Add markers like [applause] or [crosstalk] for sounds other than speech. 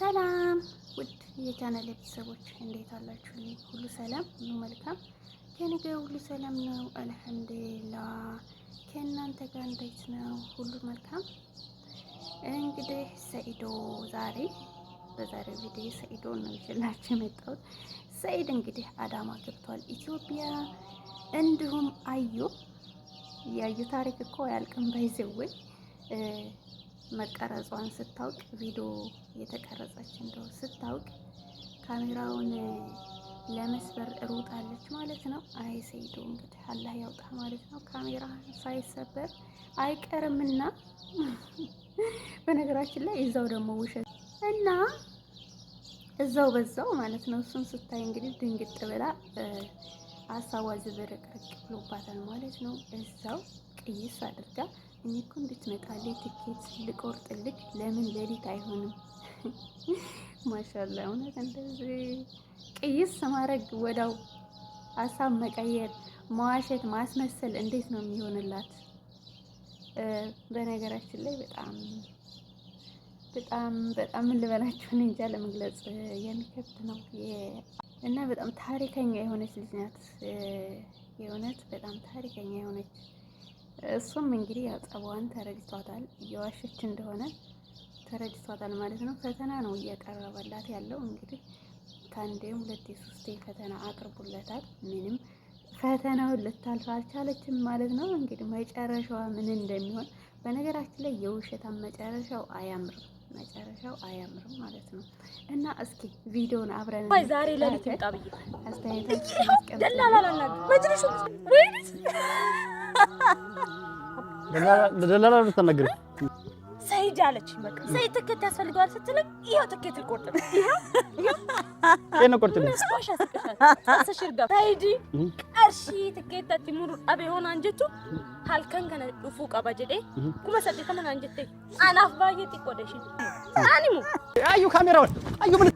ሰላም ውድ የቻናል ቤተሰቦች እንዴት አላችሁ? ሁሉ ሰላም፣ ሁሉ መልካም፣ ከእኔ ጋር ሁሉ ሰላም ነው። አልሐምዱሊላ ከእናንተ ጋር እንዴት ነው? ሁሉ መልካም። እንግዲህ ሰኢዶ ዛሬ በዛሬ ቪዲዮ ሰኢዶ ነው ይችላችሁ የመጣሁት። ሰኢድ እንግዲህ አዳማ ገብቷል ኢትዮጵያ። እንዲሁም አዩ ያዩ ታሪክ እኮ ያልቅም ባይዘወይ መቀረጿን ስታውቅ ቪዲዮ የተቀረጸች እንደው ስታውቅ ካሜራውን ለመስበር እሮጣለች ማለት ነው። አይ ሰይዶ እንግዲህ አላህ ያውጣ ማለት ነው። ካሜራ ሳይሰበር አይቀርምና [laughs] በነገራችን ላይ እዛው ደግሞ ውሸት እና እዛው በዛው ማለት ነው። እሱን ስታይ እንግዲህ ድንግጥ ብላ አሳዋ ዝብርቅርቅ ብሎባታል ማለት ነው። እዛው ቅይስ አድርጋ እኔ እኮ እንድትመጣልኝ ትኬት ልቆርጥልክ ለምን ሌሊት አይሆንም? [laughs] ማሻላ እውነት እንደዚህ ቅይስ ማድረግ ወዳው ሀሳብ መቀየር መዋሸት ማስመሰል እንዴት ነው የሚሆንላት? በነገራችን ላይ በጣም በጣም በጣም ልበላችሁ እንጃ ለመግለጽ የሚከብድ ነው እና በጣም ታሪከኛ የሆነች ልጅ ናት። የእውነት በጣም ታሪከኛ የሆነች እሱም እንግዲህ ያው ጸባዋን ተረድቷታል፣ እየዋሸች እንደሆነ ተረድቷታል ማለት ነው። ፈተና ነው እያቀረበላት ያለው እንግዲህ ከአንዴም ሁለቴ ሶስቴ ፈተና አቅርቡለታል። ምንም ፈተናውን ልታልፍ አልቻለችም ማለት ነው። እንግዲህ መጨረሻዋ ምን እንደሚሆን በነገራችን ላይ የውሸታም መጨረሻው አያምርም፣ መጨረሻው አያምርም ማለት ነው። እና እስኪ ቪዲዮን አብረን ዛሬ ለሊት ይጣብይ አስተያየታችን ለደላላ ተናገረ ሰይድ አለች። በቃ ሰይድ ትኬት ያስፈልገዋል ስትለኝ ይሄው ትኬት ልቆርጥ ነው። ይሄን ቆርጥ ነው። እሺ ትኬት ሙሩ አብ የሆነ አንጀቱ ሀልከን ከነ ዱፉ ጀዴ ኩመ ሰዴ ከመን አንጀቴ አናፍ ባየ ጢቆደሽ አኒሙ አዩ ካሜራውን አዩ ምን